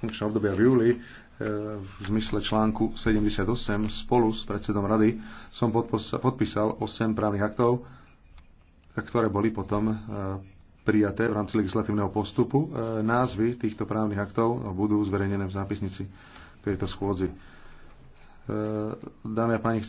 funkčné obdobia v júli e, v zmysle článku 78 spolu s predsedom rady som podpísal 8 právnych aktov, ktoré boli potom e, prijaté v rámci legislatívneho postupu. E, názvy týchto právnych aktov budú zverejnené v zápisnici tejto schôdzi. Dámy a páni,